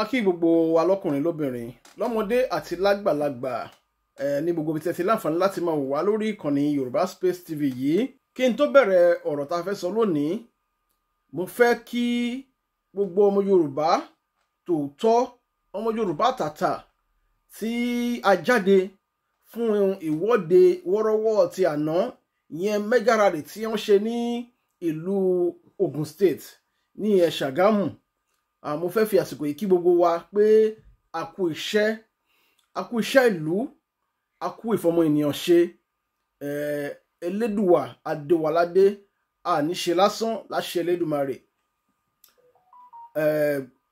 a kí gbogbo wa lọ́kùnrin lóbìnrin lọ́mọdé àti lágbàlagbà ẹ ní gbogbo ibi tí ẹ ti láǹfààní láti máa wò wá lórí ìkànnì Yorùbá Space TV yìí kí n tó bẹ̀rẹ̀ ọ̀rọ̀ tá a fẹ́ sọ lónìí mo fẹ́ kí gbogbo ọmọ Yorùbá tòótọ́ ọmọ Yorùbá tàtà tí a jáde fún ìwọ́de wọ́rọ́wọ́ ti àná ìyẹn mega rally tí wọ́n ṣe ní ìlú Ogun State ní ẹ̀ Ṣàgámù mo fẹ́ fi àsìkò yìí kí gbogbo wa pé a kú iṣẹ́ a kú iṣẹ́ ìlú a kú ìfọmọ ènìyàn ṣe elédùwà adéwàládé àníṣe lásán láṣẹ elédùmarè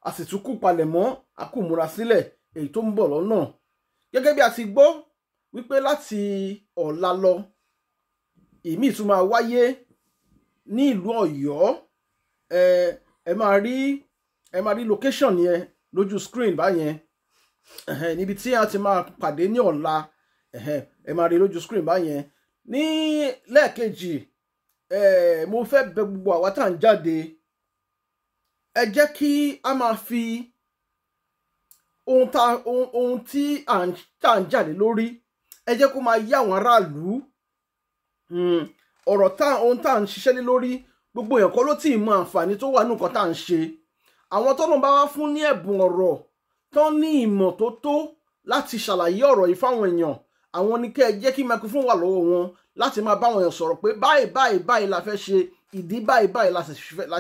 a sì tún kú palẹ̀mọ́ a kú múra sílẹ̀ èyí tó ń bọ̀ lọ́nà gẹ́gẹ́ bí a ti gbọ́ wípé láti ọ̀la lọ ìmíì tún máa wáyé ní ìlú Ọ̀yọ́ ẹ máa rí ẹ máa rí location yẹn lójú screen báyẹn níbi tí a ti máa pàdé ní ọ̀la ẹ máa rí lójú screen báyẹn ní lẹ́ẹ̀kejì mo fẹ́ bẹ gbogbo àwa tá à ń jáde ẹ jẹ́ kí a máa fi ohun tí à ń jáde lórí ẹ jẹ́ kó máa yé àwọn aráàlú hmm, ọ̀rọ̀ tá ohun tá à ń ṣiṣẹ́ lé lórí gbogbo èèyàn kọ́ ló tì í mọ àǹfààní tó wà nù nǹkan tá à ń ṣe àwọn tọ́lọ́n bá wá fún ní ẹ̀bùn ọ̀rọ̀ tán ní ìmọ̀ tó tó láti ṣàlàyé ọ̀rọ̀ yìí fáwọn èèyàn àwọn ni kẹ́ ẹ jẹ́ kí microphone wà lọ́wọ́ wọn láti máa báwọn èèyàn sọ̀rọ̀ pé báyìí báyìí báyìí la fẹ́ ṣe ìdí báyìí báyìí la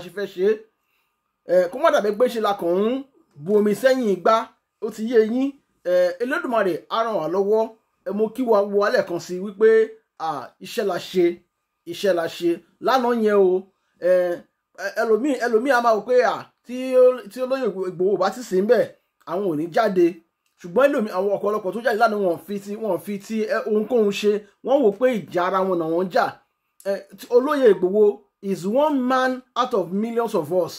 ṣe fẹ́ ṣe é kó má dàbí pé ṣe la kàn ń bu omi sẹ́yìn igbá ó ti yé yín Elédùmarè á ràn wá lọ́wọ́ mo kí wa wo alẹ́ kan sí wípé iṣẹ́ la ṣe iṣẹ́ la ṣe lánàá yẹn o ẹlòmíì ẹlòmíì a máa wò pé tí olóyè Ìgbòho bá ti sìn bẹ́ẹ̀ àwọn ò ní jáde ṣùgbọ́n ẹlòmí àwọn ọ̀pọ̀lọpọ̀ tó jáde lánàá wọn fi ti wọn fi ti eh, ohunkóhun ṣe wọ́n wò pé ìjà ara wọn náà wọ́n jà eh, olóyè Ìgbòho is one man out of millions of us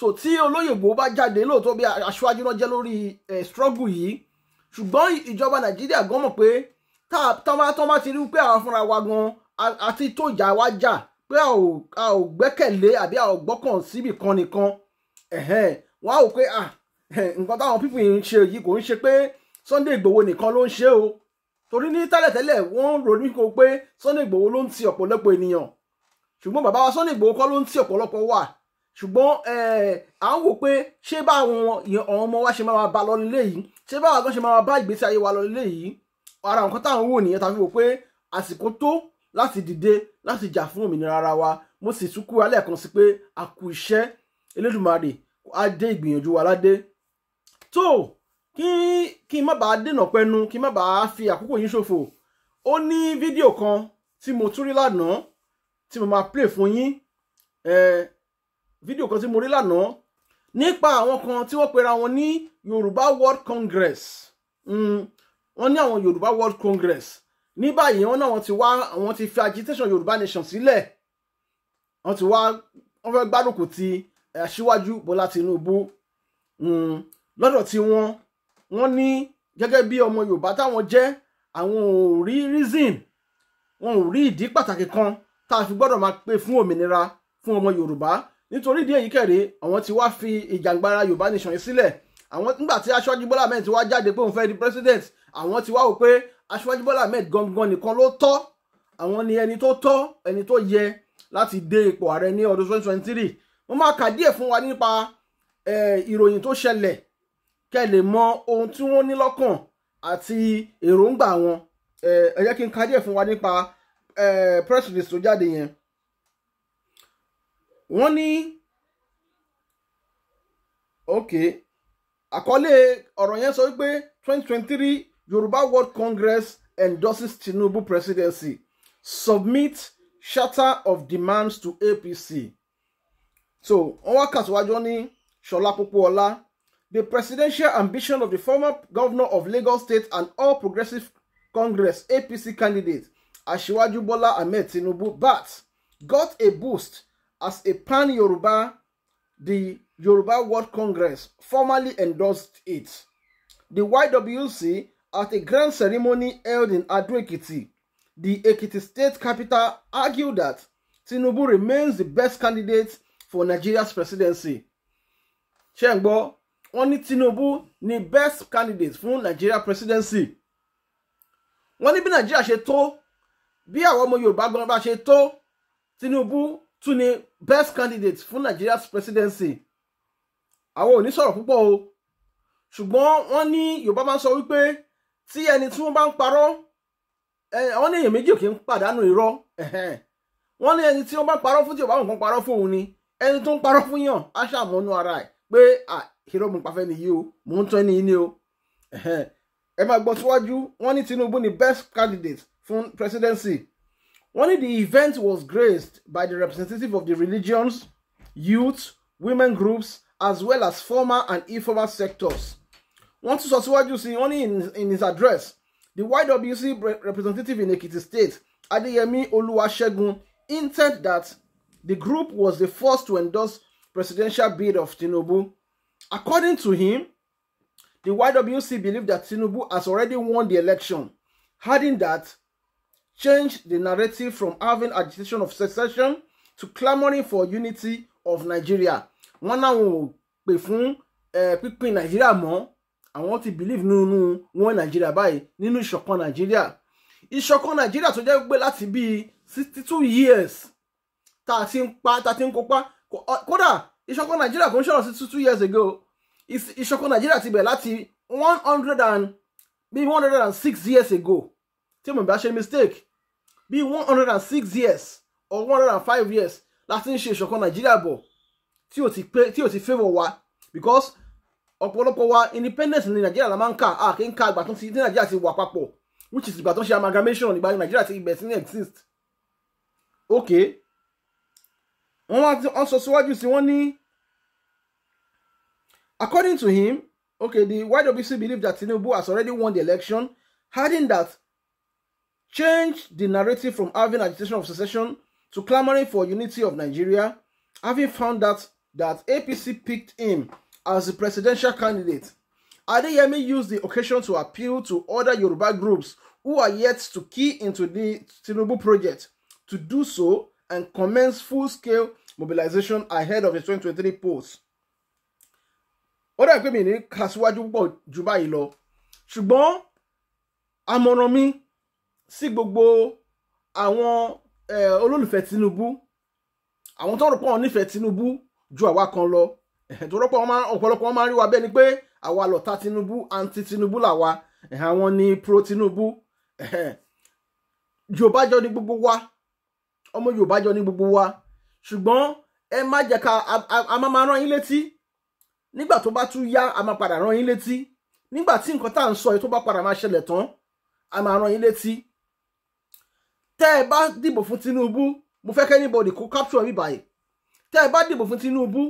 so tí olóyè Ìgbòho bá jáde lóòótọ́ bí aṣáájú náà jẹ́ lórí eh, struggle yìí ṣùgbọ́n ìjọba Nàìjíríà gan mọ̀ pé tọ́ bá ti rí pé àwọn fúnra wa gan àti tó ìjà wa jà pé a ò gbẹ́kẹ̀lé àbí a ò gbọ́kàn síbì kan nìkan wọ́n á wò pé nǹkan táwọn pípù yìí ń ṣe yìí kò ń ṣe pé Sunday Igboho nìkan ló ń ṣe o torí ní tẹ́lẹ̀tẹ́lẹ̀ wọ́n ronú kó pé Sunday Igboho ló ń ti ọ̀pọ̀lọpọ̀ ènìyàn ṣùgbọ́n bàbá wa Sunday Igboho kọ́ ló ń ti ọ̀pọ̀lọpọ̀ wà ṣùgbọ́n à ń wò pé ṣé báwọn àwọn ọmọ wa ṣe máa bá lọ nílé yìí ṣé báwọn àgbọn ṣe máa bá ìgbésí ayé wa lọ nílé yìí ara nǹkan táwọn wò nìyẹn tàbí wò pé àsìkò tó láti dìde láti jà fún òmìnira ara wa mo sì tún kúra lẹ́ẹ̀kan sí pé a kú iṣẹ́ elédùnmarè á dé ìgbìyànjú wa ládé tó kí kí n má bàa dènà pẹnu kí n má bàa fi àkókò yín ṣòfò ó ní fídíò kan tí mo tún rí lánàá tí mo máa play fún yín fídíò kan tí mo rí lánàá nípa àwọn kan tí wọ́n pera wọn ní Yorùbá World Congress hmm, wọ́n ní àwọn Yorùbá World Congress ní báyìí wọ́n náà wọ́n ti wá àwọn ti fi agitation Yorùbá Nation sílẹ̀ wọ́n ti wá wọ́n fẹ́ gbárùkù ti aṣíwájú bọ́lá tinubu hmm, lọ́dọ̀ tí wọ́n wọ́n ní gẹ́gẹ́ bí ọmọ yorùbá táwọn jẹ́ àwọn ò rí reason wọn ò rí ìdí pàtàkì kan tá a fi gbọ́dọ̀ máa pè fún òmìnira fún ọmọ yorùbá nítorí ìdí èyí kẹrẹ àwọn ti wá fi ìjàngbara yorùbá nation yìí sílẹ̀ àwọn nígbà tí aṣíwájú bọ́lá ahmed ti wá jáde pé òun fẹ́ di president àwọn ti wá wò pé aṣíwájú bọ́lá ahmed gangan nìkan ló tọ́ àwọn ni ẹni tó tọ́ ẹni tó yẹ láti dé ipò ààrẹ ní ọdún twenty twenty three wọ́n máa kà díẹ̀ fún wa nípa ìròyìn tó ṣẹlẹ̀ kẹ́ lè mọ ohun tí wọ́n ní lọ́kàn àti èròǹgbà wọn ẹ jẹ́ kí n ka díẹ̀ fún wa nípa press release tó jáde yẹn wọ́n ní ok àkọlé ọ̀rọ̀ yẹn sọ wípé twenty twenty three Yorùbá World Congress endorses Tinubu presidency submit charter of demands to APC so wọ́n wá kàṣíwájú ní ṣọlá pópóọlá the presidential ambition of the former governor of lagos state and all progressives congress apc candidate aṣíwájú bọ́lá ahmed tinubu bat got a boost as a pan-yoruba the yoruba world congress formally endorsed it the ywc at a grand ceremony held in ado the Ekiti state capital argued that Tinubu remains the best candidate for Nigeria's presidency ṣe ń gbọ́ wọ́n ní Tinubu ni best candidate fún Nigeria presidency wọ́n ní bí Nigeria ṣe tó bí àwọn ọmọ Yorùbá gan bá ṣe tó Tinubu tún ni best candidate fún Nigeria's presidency àwọn ò ní sọ̀rọ̀ púpọ̀ o ṣùgbọ́n wọ́n ní Yorùbá máa ń sọ wípé tí ẹni tí wọ́n bá ń parọ́ wọ́n ní èèyàn méjì kì í pàdánù irọ́ wọ́n ní ẹni tí wọ́n bá ń parọ́ fún tí Yorùbá nǹkan parọ́ fóun ni ẹni tó ń parọ́ fún yàn á ṣàmọ́nú ara ẹ̀ pé ìró mo pàfẹ́ nìyí o mò ń tán ní ní o ẹ máa gbọ́ síwájú wọ́n ní Tinubu ni best candidate fún presidency wọ́n ní the event was graced by the representative of the religions youth women groups as well as former and informal sectors wọ́n tún sọ síwájú sí wọ́n ní in his address the YWC representative in Ekiti State Adeyemi Oluwasegun intent that The group was the first to endorse presidential bid of Tinubu. According to him, the YWC believed that Tinubu has already won the election, adding that changed the narrative from having agitation of secession to clamoring for unity of Nigeria. Wọ́n náwọn ò pè fún pínpín Nàìjíríà mọ́, àwọn ti believe nínú wọn Nàìjíríà báyìí nínú ìṣọ̀kan Nàìjíríà. Ìṣọ̀kan Nàìjíríà tó jẹ́ gbé láti bíi sixty two years tá a ti ń pa tá a ti ń kópa kódà ìṣọ̀kan nàìjíríà kò ń sọ̀rọ̀ sí two two years ago ìṣọ̀kan nàìjíríà ti bẹ̀rẹ̀ láti one hundred and bíi one hundred and six years ago tí mo bá ṣe mistake bíi one hundred and six years or one hundred and five years láti ń ṣe ìṣọ̀kan nàìjíríà bọ̀ tí ò ti pé tí ò ti favour wa because ọ̀pọ̀lọpọ̀ wa independence ní nàìjíríà la máa ń kà á kí n ka ìgbà tó ti ní nàìjíríà ti wà papọ̀ which is ìgbà tó ṣe amalgamation ìgbà ní nàìjíríà ti ibẹ̀ sí ní exist okay wọ́n wá ti wọ́n sọ síwájú sí wọ́n ní according to him okay the YWC believe that Tinubu has already won the election adding that change the narrative from having agitation of secession to clamoring for unity of Nigeria having found that that APC picked him as the presidential candidate Adeyemi used the occasion to appeal to other Yoruba groups who are yet to key into the Tinubu project to do so and commence full-scale mobilization ahead of the 2023 polls. ó dàbí pé mi ní kà síwájú púpọ̀ jù báyìí lọ ṣùgbọ́n àmọ̀ràn mi sí gbogbo àwọn olólùfẹ́ Tinubu àwọn tó ń rọpò wọn nífẹ̀ẹ́ Tinubu ju àwa kan lọ tó rọpò wọn ọ̀pọ̀lọpọ̀ wọn máa ń rí wa bẹ́ẹ̀ ni pé àwa lọ̀tá Tinubu anti Tinubu làwa àwọn ni pro Tinubu Yorùbá ni gbogbo wa ọmọ Yorùbá jọ ní gbogbo wa ṣùgbọ́n ẹ má jẹ́ ká a má máa rán yín létí nígbà tó bá tún yá a máa padà rán yín létí nígbà tí nǹkan tá à ń sọ yìí tó bá padà máa ṣẹlẹ̀ tán a máa rán yín létí tẹ́ ẹ bá dìbò fún Tinubu mo fẹ́ kẹ́ anybody kó capture mi báyìí tẹ́ ẹ bá dìbò fún Tinubu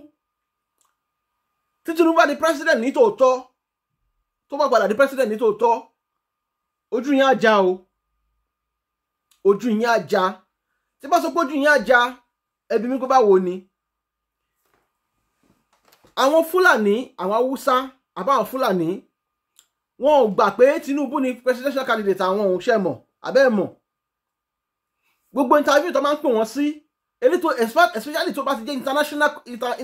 tí Tinubu bá di president ní tòótọ́ tó bá padà di president ní tòótọ́ ojú yín á já o ojú yín á já tí bá sọ pé ojú yín ajá ẹbí mi kó bá wo ni àwọn fúlàní àwọn haúsá àbáwọn fúlàní wọn ò gbà pé Tinubu ni presidential candidate àwọn òun ṣe mọ̀ abẹ́ mọ̀ gbogbo interview tó máa ń pè wọ́n sí elétò especially tó bá ti jẹ́ international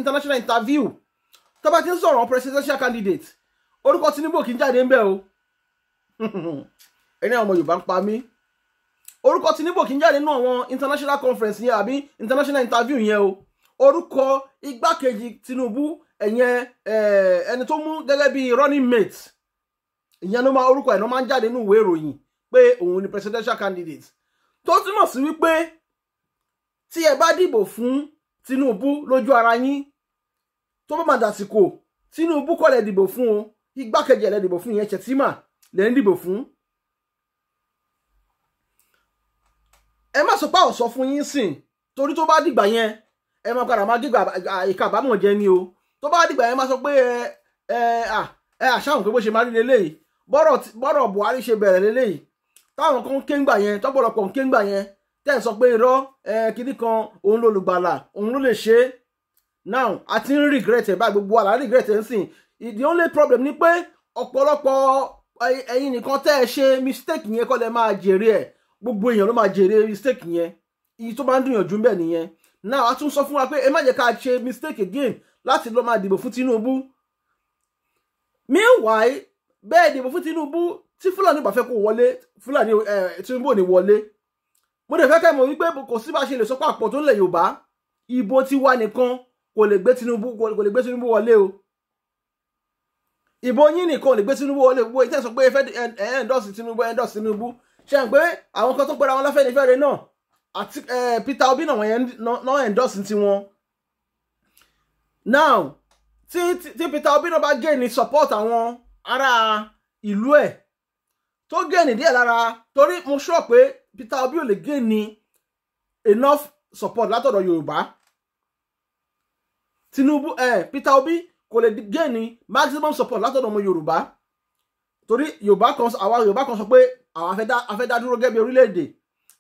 international interview tó bá ti ń sọ̀rọ̀ presidential candidate orúkọ Tinubu kì í jáde ń bẹ̀ o ẹni àwọn ọmọ Yorùbá ń pa mí orúkọ Tinubu kì í jáde nínú àwọn international conference yẹn àbí international interview yẹn o orúkọ igbákejì Tinubu ẹ̀yẹn eh, ẹni tó mú gẹ́gẹ́ bí running mate ìyẹn ló máa orúkọ ẹ̀ ló máa ń jáde nínú ìwé ìròyìn pé òun ni presidential candidate tó túmọ̀ sí wípé tí ẹ bá dìbò fún Tinubu lójú ara yín tó bá máa dàsìkò Tinubu kọ́ lẹ dìbò fún o igbákejì ẹ̀ lẹ dìbò fún ìyẹn Shettima lẹ ń dìbò fún ẹ má sọ pé àwọn sọ fún yín sìn torí tó bá dìgbà yẹn ẹ má padà má dìgbà ìka àbámọ̀ jẹ ni o tó bá dìgbà yẹn má sọ pé ẹ ẹ àṣàwọn pé bó ṣe má rí leléyìí bọ́rọ̀ Buhari ṣe bẹ̀rẹ̀ leléyìí táwọn kan kéńgbà yẹn tọ́pọ̀lọpọ̀ kéńgbà yẹn tẹ́ ẹ̀ sọ pé irọ́ kínní kan òun lolùgbàlà òun ló lè ṣe é now a ti ń regret ẹ̀ báyìí gbogbo àlá regret ẹ̀ ń sìn the only problem ni pé ọ̀pọ̀lọpọ̀ ẹ̀yin nìkan tẹ́ ẹ ṣe mistake yẹn kọ́ lẹ máa jèrè ẹ̀ gbogbo èèyàn ló máa jèrè mistake yẹn iye tó bá ń dùnyànjú ń bẹ̀ nìyẹn náà a tún sọ fún wa pé ẹ má jẹ́ ká ṣe mistake again láti lọ máa dìbò fún Tinubu meanwhile bẹ́ẹ̀ dìbò fún Tinubu tí Fúlàní bá fẹ́ kó wọlé Fúlàní Tinubu ò ní wọlé mo dẹ̀ fẹ́ kẹ́ mọ̀ wípé kò sí bá ṣe lè sọ pé àpọ̀ tó ń lẹ̀ Yorùbá ìbò tiwa nìkan kò lè gbé Tinubu kò lè gbé Tinubu wọlé o ìbò yín nìkan lè gbé Tinubu wọlé gbogbo ìtẹ̀sán pé ẹ fẹ́ endorse Tinubu endorse Tinubu ṣe hàn pé àwọn kan tó pera wọn láfẹ́nifẹ́re náà àti Peter Obi náà wọ́n yẹn náà endorse ti wọn now tí tí Peter Obi náà bá gé ní support àwọn ará ìlú ẹ̀ tó gé ní díẹ̀ lára torí mo sọ pé Peter Obi ò lè gé ní enough support látọ̀dọ̀ Yorùbá Tinubu eh, Peter Obi kò lè gé ní maximum support látọ̀dọ̀ ọmọ Yorùbá torí yorùbá kan àwa yorùbá kan sọ pé àwọn afẹ́dá dúró gẹ́gẹ́ bí orílẹ̀-èdè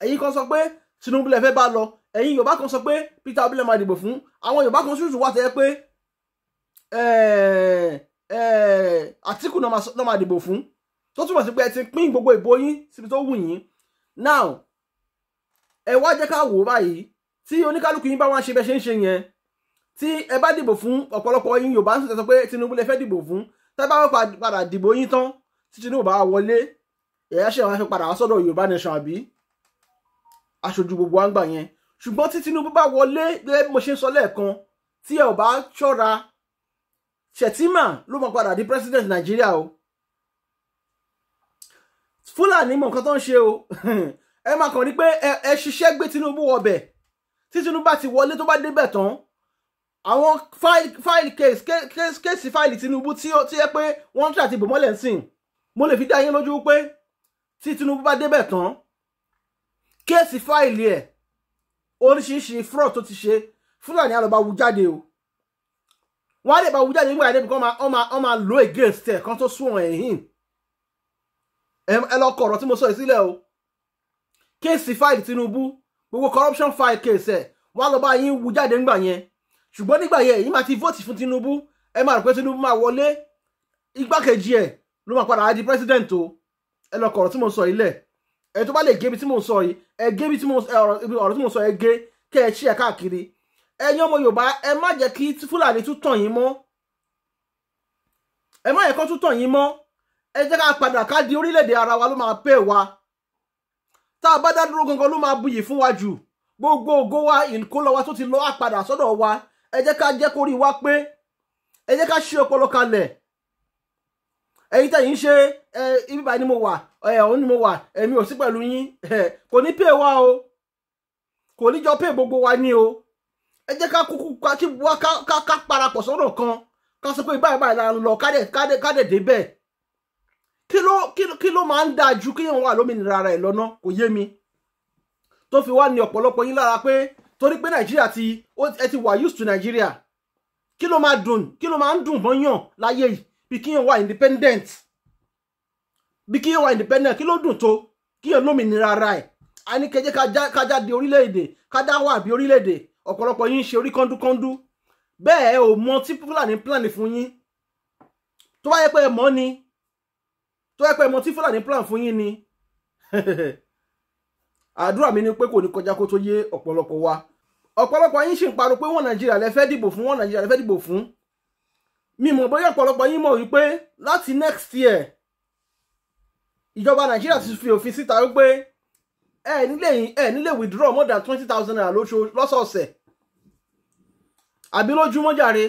ẹ̀yin kan sọ pé tinubu lè fẹ́ bá lọ ẹ̀yin yorùbá kan sọ pé peter obi lè máa dìbò fún àwọn yorùbá kan ṣùṣù wà tẹ́ pé àtìkù náà máa dìbò fún tó túmọ̀ sí pé ẹ ti pín gbogbo ìbò yín síbi tó wù yín now ẹ wá jẹ́ ká wò ó báyìí tí oníkálukú yín bá wọn ṣe bẹ́ẹ̀ ṣe ń ṣe yẹn tí ẹ bá dìbò fún ọ̀pọ̀lọpọ̀ yín yorùbá ń sọ pé tinubu lè fẹ́ dìbò fún tẹ́ bá wọ́n padà dìbò yín tán tí Tinubu bá wọlé ẹ̀yà ṣe wá fi padà wá sọ́dọ̀ Yorùbá nation àbí aṣojú gbogbo àgbà yẹn ṣùgbọ́n tí Tinubu bá wọlé gẹ́gẹ́ bí mo ṣe ń sọ lẹ́ẹ̀kan tí ẹ ò bá ló mọ̀ padà di president Nàìjíríà o Fúlàní mọ̀ nǹkan tó ń ṣe o ẹ máa kàn ní pé ẹ ṣiṣẹ́ gbé Tinubu wọbẹ̀ tí Tinubu bá ti wọlé tó bá débẹ̀ tán àwọn fáìlì kéèsì fáìlì Tinubu tí ó ti yẹ pé wọ́n ń tàbí bòmọ́lẹ̀ ń sìn mo lè fi dá yín lójú pé tí Tinubu bá débẹ̀ tán kéèsì fáìlì ẹ̀ oríṣiríṣi fraud tó ti ṣe Fúlàní àlọ́ bá wú jáde o wọ́n á lè bá wú jáde nígbà yẹn kan wọ́n máa lo against ẹ̀ kan tó sún ẹ̀ hìn ẹ lọ kọ̀rọ̀ tí mo sọ yìí sílẹ̀ o kéèsì fáìlì Tinubu gbogbo corruption file case ẹ̀ wọ́n á lọ bá yín wú jáde nígbà yẹn ṣùgbọ́n nígbà yẹn èyí máa ti vote fún Tinubu ẹ máa rò pé Tinubu máa wọlé igbákejì ẹ̀ ló máa padà di president o ẹ lọ kọ̀ọ̀rọ̀ tí mo sọ yìí lẹ̀ ẹ tó bá lè gé ibi tí mo sọ yìí ẹ gé ibi tí mo ọ̀rọ̀ tí mo sọ ẹ gé kẹ́ ẹ ṣí ẹ káàkiri ẹ̀yin ọmọ Yorùbá ẹ má jẹ́ kí Fúlàní tún tàn yín mọ́ ẹ má yẹ kó tún tàn yín mọ́ ẹ jẹ́ ká padà ká di orílẹ̀-èdè ara wa ló máa pè wá tá a bá dá dúró gangan ló máa buyì fún wa jù gbogbo ògo wa ìkólọ́wà tó ti lọ́ àpadà sọ́dọ̀ wa ẹ jẹ́ ká jẹ́ kórí wa pé ẹ jẹ́ ká ṣí ọpọlọ kalẹ̀ ẹ̀yin tẹ̀yin ṣe ibi ni mo wà ọ̀hún ni mo wà èmi ò sí pẹ̀lú yín kò ní pè wá o kò ní jọ pè gbogbo wa ni o ẹ jẹ́ ká kúkú kí wá ká parapọ̀ sọ́nà kan ká sọ pé báyìí báyìí la ń lọ ká dẹ̀ débẹ̀ kí ló máa ń dáa ju kéèyàn wà lómìnira ara ẹ̀ lọ́nà kò yé mi tó fi wá ní ọ̀pọ̀lọpọ̀ yín lára pé torí pé nàìjíríà ti ẹ ti wà used to nàìjíríà kí ló máa dùn kí ló máa ń dùn mọ́yàn láyé yìí bí kíyàn wà independent bí kíyàn wà independent kí ló dùn tó kíyàn lómìnira ara ẹ̀ a ní kẹjẹ kájá di orílẹ̀-èdè kájá wà bí orílẹ̀-èdè ọ̀pọ̀lọpọ̀ yín ń ṣe orí kọ́ńdúkọ́ńdú bẹ́ẹ̀ ẹ ò mọ tí fúlàní plan fún yín tó bá yẹ pé ẹ mọ̀ ni tó yẹ pé ẹ mọ̀ tí fúlàní plan fún yín ni àdúrà mi ni pé kò ní kọjá kó tó yé ọ̀pọ̀lọpọ̀ wa ọ̀pọ̀lọpọ̀ yín ṣì ń pariwo pé wọ́n nàìjíríà lẹ fẹ́ dìbò fún wọ́n nàìjíríà lẹ fẹ́ dìbò fún mi mọ̀ bóyá ọ̀pọ̀lọpọ̀ yín mọ̀ wípé láti next year ìjọba nàìjíríà ti fi òfin síta wípé ẹ nílé ẹ nílé withdraw more than twenty thousand naira lọ́sọ̀ọ̀sẹ̀ àbí lójúmọ́ jàre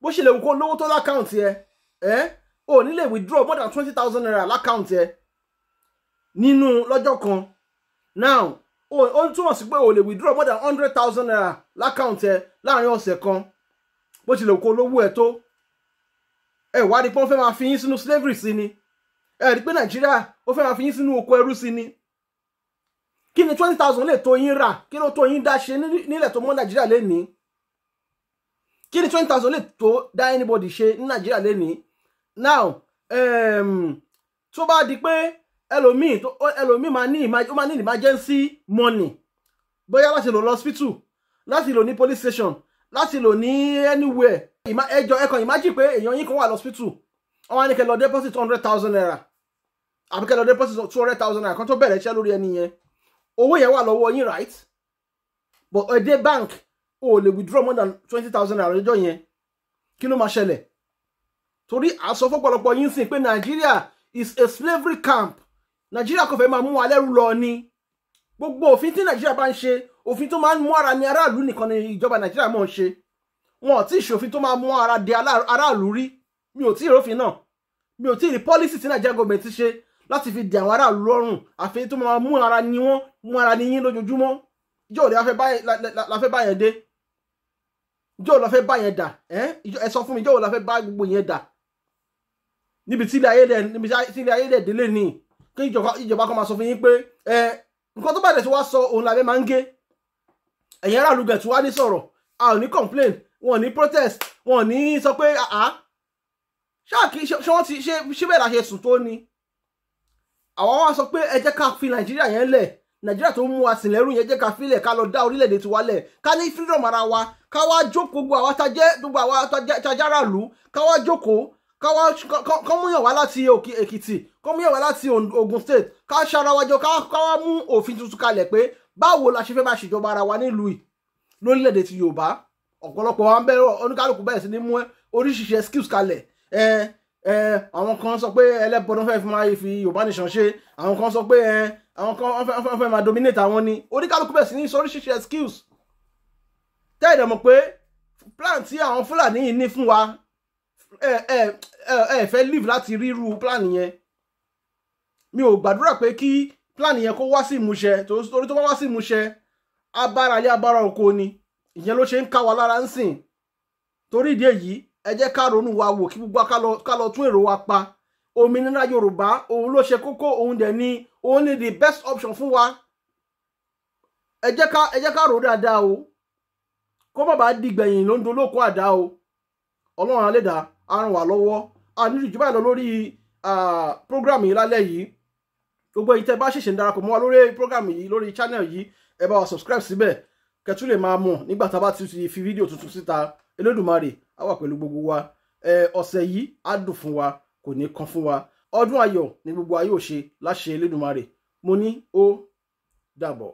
bó ṣe lè wù kó lówó tó lákàǹtì ẹ ẹ ò nílé withdraw more than twenty thousand naira lákàǹtì ẹ nínú lọ́jọ́ kan now ó túmọ̀ sí pé ò lè withdraw more than hundred thousand naira lákàǹtì ẹ láàrin ọ̀sẹ̀ kan bó ṣe lè wù kó lówó ẹ tó ẹ wá rí pé wọ́n fẹ́ máa fi yín sínú slavery sí ni ẹ rí pé nàìjíríà ó fẹ́ máa fi yín sínú oko ẹrú sí ni kí ni twenty thousand lè tó yín rà kí ló tó yín dá ṣe nílẹ̀ tó mọ́ nàìjíríà lénìí kí ni twenty thousand lè tó dá anybody ṣe ní nàìjíríà lénìí now um, tó bá di pé ẹlòmíì ẹlòmíì máa ní ó máa ní emergency money bóyá láti lò lọ hospital láti lò ní police station láti lò ní anywhere ẹjọ ẹkọ imagine pé èèyàn yín kan wà lọ́sítù wọ́n wá ní kẹ́ lọ deposit two hundred thousand naira àbí kẹ́ lọ deposit two hundred thousand naira kan tó bẹ̀rẹ̀ iṣẹ́ lórí ẹni yẹn owó yẹn wà lọ́wọ́ yín right but ẹ̀dẹ́ bank ò lè withdraw more than twenty thousand naira lọ́jọ́ yẹn kí ló máa ṣẹlẹ̀ torí àsọ fọ́pọ̀lọpọ̀ yín sìn pé nàìjíríà is a slavery camp nàìjíríà kò fẹ́ máa mú wa lẹ́rú lọ ni gbogbo òfin tí nàìjíríà bá ń ṣe òfin tó máa ń mú ara ní aráàlú nìkan ni ìjọba nàìjíríà mọ̀ ń ṣe wọn ò tí ì ṣòfin tó máa mú ara de aráàlú rí mi ò tí ì rófin náà mi ò tí ì rí pọ́lísì tí nàìjíríà gọ́ọ̀mẹ̀ ti ṣe láti fi de àwọn aráàlú lọ́rùn àfi tó máa mú ara ni wọ́n mú ara ni yín lójoojúmọ́ yóò lè la fẹ́ bá yẹn dé yóò la fẹ́ bá yẹn dà ẹ sọ fún mi yóò la fẹ́ bá gbogbo yẹn dà níbi tí ilé ayé dẹ̀ délé ni kí ìjọba kan máa sọ fún yín pé ẹ nǹkan tó bá dẹ̀ tí wá sọ òun làbẹ́ máa ń gé ẹ̀yin aráàlú gẹ̀ tí wá ní sọ̀rọ̀ a ò ní complain wọn ní protest wọn ní sọ pé àá ah, ah. ṣáàkì ṣé wọ́n ti ṣe ṣé bẹ́ẹ̀ la ṣe sùn tó ni àwa wá sọ pé ẹ jẹ́ ká fi nàìjíríà yẹn lẹ̀ nàìjíríà tó mú wa sìn lẹ́rú yẹn jẹ́ ká filẹ̀ ká lọ dá orílẹ̀-èdè tiwa lẹ̀ ká ní freedom ara wa ká wá jókòó gbogbo àwa tajẹ́ gbogbo àwa tajáràlú ká wá jókòó ká wá kọ́ múyàn wá láti èkìtì kọ́ múyàn wá láti Ògùn state ká ṣara wa jọ ká wá mú òfin tuntun kalẹ̀ pé báwo la ṣe fẹ́ máa ṣèjọba ara wa nílùú lórílẹ̀-èdè ti yorùbá ọ̀pọ̀lọpọ̀ wa ń bẹ̀rẹ̀ oníkálukú bẹ̀rẹ̀ sí ní mú oríṣiríṣi excuse kalẹ̀ ẹ ẹ àwọn kan sọ pé ẹlẹ́bọ̀n fẹ́ fi máa fi Yorùbá nìṣàn ṣe àwọn kan sọ pé ẹ àwọn kan wọ́n fẹ́ máa dominate àwọn ni oníkálukú bẹ̀rẹ̀ sí ní sọ oríṣiríṣi excuse tẹ́ẹ̀dẹ̀ mọ̀ pé plan tí àwọn Fúlàní yìí ní fún wa ẹ ẹ ẹ fẹ́ live láti ríru plan yẹn mi ò gbàdúrà pé kí plan yẹn kó wá sí ìmúṣẹ torí tó bá wá sí ìmúṣẹ abáralé abára oko ni ìyẹn ló ṣe ń ká wa lára ń sìn torí ìdí èyí ẹ jẹ́ ká ronú wa wò kí gbogbo ká lọ tún èrò wa pa òmìnira yorùbá òun ló ṣe kókó òun dẹ̀ ni òun ni the best option fún wa ẹ jẹ́ ká ẹ jẹ́ ká rò dáadáa o kó má bàa dìgbẹ̀yìn ló ń dolóko àdá o ọlọ́run alẹ́ dàá aràn wà lọ́wọ́ a nílùú ìlọ lórí program yìí lálẹ́ yìí gbogbo èyí tẹ́ bá ṣẹ̀ṣẹ̀ ń darapọ̀ mọ́ wa lórí program yìí lórí channel yìí ẹ bá wa subscribe síbẹ̀ kẹtù lè máa mọ̀ nígbà tá a bá ti fi fídíò tuntun síta Elédùmarè á wà pẹ̀lú gbogbo wa ọ̀sẹ̀ yìí á dùn fún wa kò ní kan fún wa ọdún ayọ̀ ni gbogbo ayé ò ṣe láṣẹ Elédùmarè mo ní ó dàbọ̀.